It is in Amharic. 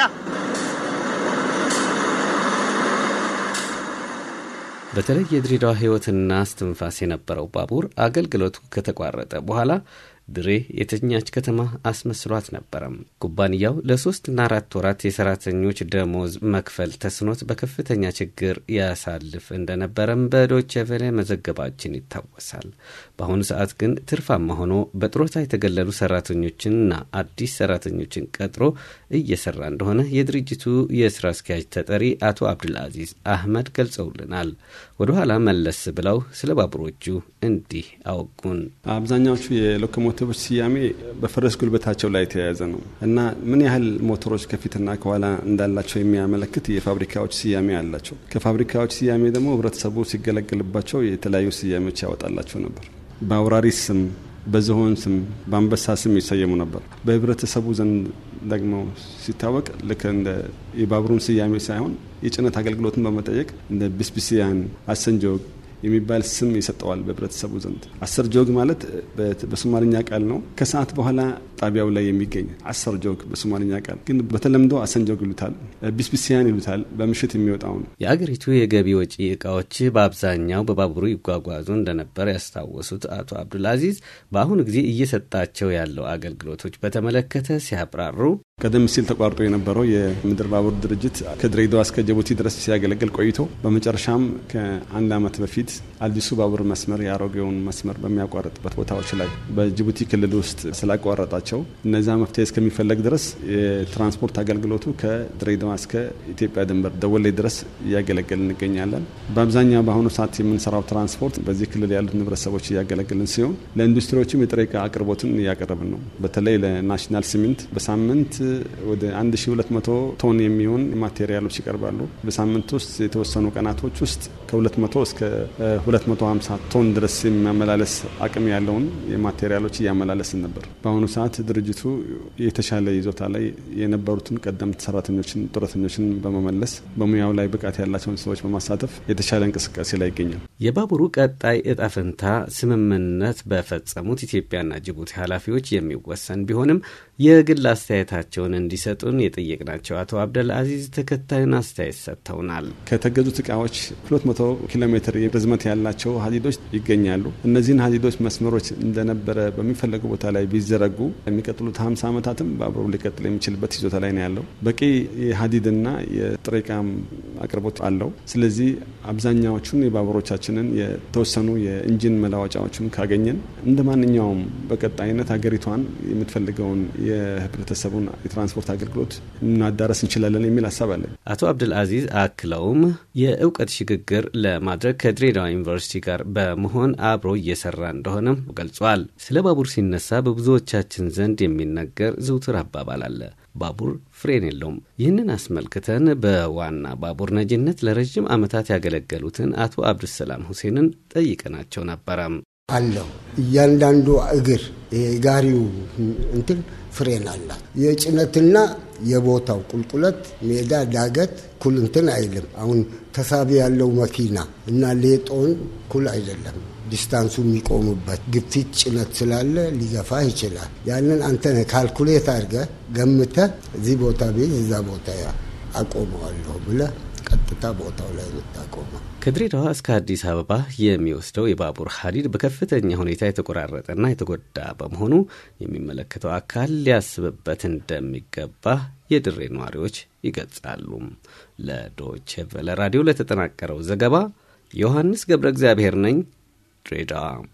ya. በተለይ የድሬዳዋ ህይወትና ስትንፋስ የነበረው ባቡር አገልግሎቱ ከተቋረጠ በኋላ ድሬ የተኛች ከተማ አስመስሏት ነበረም። ኩባንያው ለሶስትና አራት ወራት የሰራተኞች ደሞዝ መክፈል ተስኖት በከፍተኛ ችግር ያሳልፍ እንደነበረም በዶቼ ቬለ መዘገባችን ይታወሳል። በአሁኑ ሰዓት ግን ትርፋማ ሆኖ በጥሮታ የተገለሉ ሰራተኞችንና አዲስ ሰራተኞችን ቀጥሮ እየሰራ እንደሆነ የድርጅቱ የስራ አስኪያጅ ተጠሪ አቶ አብዱልአዚዝ አህመድ ገልጸውልናል። ወደኋላ መለስ ብለው ስለ ባቡሮቹ እንዲህ አወጉን። አብዛኛዎቹ የሎኮሞ ሞተሮች ስያሜ በፈረስ ጉልበታቸው ላይ የተያያዘ ነው እና ምን ያህል ሞተሮች ከፊትና ከኋላ እንዳላቸው የሚያመለክት የፋብሪካዎች ስያሜ አላቸው። ከፋብሪካዎች ስያሜ ደግሞ ህብረተሰቡ ሲገለገልባቸው የተለያዩ ስያሜዎች ያወጣላቸው ነበር። በአውራሪ ስም፣ በዝሆን ስም፣ በአንበሳ ስም ይሰየሙ ነበር። በህብረተሰቡ ዘንድ ደግሞ ሲታወቅ ልክ እንደ የባቡሩን ስያሜ ሳይሆን የጭነት አገልግሎትን በመጠየቅ እንደ ቢስቢስያን፣ አሰንጆግ የሚባል ስም ይሰጠዋል በህብረተሰቡ ዘንድ። አስር ጆግ ማለት በሶማልኛ ቃል ነው። ከሰዓት በኋላ ጣቢያው ላይ የሚገኝ አሰር ጆግ በሶማልኛ ቃል ግን በተለምዶ አሰንጆግ ይሉታል፣ ቢስቢስያን ይሉታል። በምሽት የሚወጣው ነው። የአገሪቱ የገቢ ወጪ እቃዎች በአብዛኛው በባቡሩ ይጓጓዙ እንደነበር ያስታወሱት አቶ አብዱልአዚዝ በአሁኑ ጊዜ እየሰጣቸው ያለው አገልግሎቶች በተመለከተ ሲያብራሩ ቀደም ሲል ተቋርጦ የነበረው የምድር ባቡር ድርጅት ከድሬዳዋ እስከ ጅቡቲ ድረስ ሲያገለግል ቆይቶ በመጨረሻም ከአንድ ዓመት በፊት አዲሱ ባቡር መስመር የአሮጌውን መስመር በሚያቋርጥበት ቦታዎች ላይ በጅቡቲ ክልል ውስጥ ስላቋረጣቸው ናቸው። እነዛ መፍትሄ እስከሚፈለግ ድረስ የትራንስፖርት አገልግሎቱ ከድሬዳዋ እስከ ኢትዮጵያ ድንበር ደወሌ ድረስ እያገለገል እንገኛለን። በአብዛኛው በአሁኑ ሰዓት የምንሰራው ትራንስፖርት በዚህ ክልል ያሉት ንብረተሰቦች እያገለገልን ሲሆን ለኢንዱስትሪዎችም የጥሬ ዕቃ አቅርቦትን እያቀረብን ነው። በተለይ ለናሽናል ሲሚንት በሳምንት ወደ 1200 ቶን የሚሆን ማቴሪያሎች ይቀርባሉ። በሳምንት ውስጥ የተወሰኑ ቀናቶች ውስጥ ከ200 እስከ 250 ቶን ድረስ የሚያመላለስ አቅም ያለውን ማቴሪያሎች እያመላለስን ነበር። በአሁኑ ሰዓት ድርጅቱ የተሻለ ይዞታ ላይ የነበሩትን ቀደምት ሰራተኞችን፣ ጡረተኞችን በመመለስ በሙያው ላይ ብቃት ያላቸውን ሰዎች በማሳተፍ የተሻለ እንቅስቃሴ ላይ ይገኛል። የባቡሩ ቀጣይ እጣ ፈንታ ስምምነት በፈጸሙት ኢትዮጵያና ጅቡቲ ኃላፊዎች የሚወሰን ቢሆንም የግል አስተያየታቸውን እንዲሰጡን የጠየቅናቸው አቶ አብደል አዚዝ ተከታዩን አስተያየት ሰጥተውናል። ከተገዙት እቃዎች 200 ኪሎ ሜትር ርዝመት ያላቸው ሀዲዶች ይገኛሉ። እነዚህን ሀዲዶች መስመሮች እንደነበረ በሚፈለጉ ቦታ ላይ ቢዘረጉ የሚቀጥሉት 50 ዓመታትም በአብሮ ሊቀጥል የሚችልበት ይዞታ ላይ ነው ያለው። በቂ የሀዲድና የጥሬ ዕቃም አቅርቦት አለው። ስለዚህ አብዛኛዎቹን የባቡሮቻችንን የተወሰኑ የኢንጂን መለዋወጫዎችን ካገኘን እንደ ማንኛውም በቀጣይነት ሀገሪቷን የምትፈልገውን የህብረተሰቡን የትራንስፖርት አገልግሎት እናዳረስ እንችላለን የሚል ሀሳብ አለን። አቶ አብድል አዚዝ አክለውም የእውቀት ሽግግር ለማድረግ ከድሬዳዋ ዩኒቨርሲቲ ጋር በመሆን አብሮ እየሰራ እንደሆነም ገልጿል። ስለ ባቡር ሲነሳ በብዙዎቻችን ዘንድ የሚነገር ዝውትር አባባል አለ፣ ባቡር ፍሬን የለውም። ይህንን አስመልክተን በዋና ባቡር ነጂነት ለረዥም ዓመታት ያገለገሉትን አቶ አብዱሰላም ሁሴንን ጠይቀናቸው ነበረም። አለው እያንዳንዱ እግር የጋሪው እንትን ፍሬን አላት። የጭነትና የቦታው ቁልቁለት ሜዳ፣ ዳገት ኩል እንትን አይልም። አሁን ተሳቢ ያለው መኪና እና ሌጦን ኩል አይደለም። ዲስታንሱ የሚቆሙበት ግፊት ጭነት ስላለ ሊገፋ ይችላል። ያንን አንተነ ካልኩሌት አድርገ ገምተ እዚህ ቦታ ቤ እዛ ቦታ አቆመዋለሁ ብለ ቀጥታ ቦታው ላይ የምታቆመው። ከድሬዳዋ እስከ አዲስ አበባ የሚወስደው የባቡር ሀዲድ በከፍተኛ ሁኔታ የተቆራረጠና የተጎዳ በመሆኑ የሚመለከተው አካል ሊያስብበት እንደሚገባ የድሬ ነዋሪዎች ይገልጻሉ። ለዶቼ ራዲዮ ለተጠናቀረው ዘገባ ዮሐንስ ገብረ እግዚአብሔር ነኝ። 这张。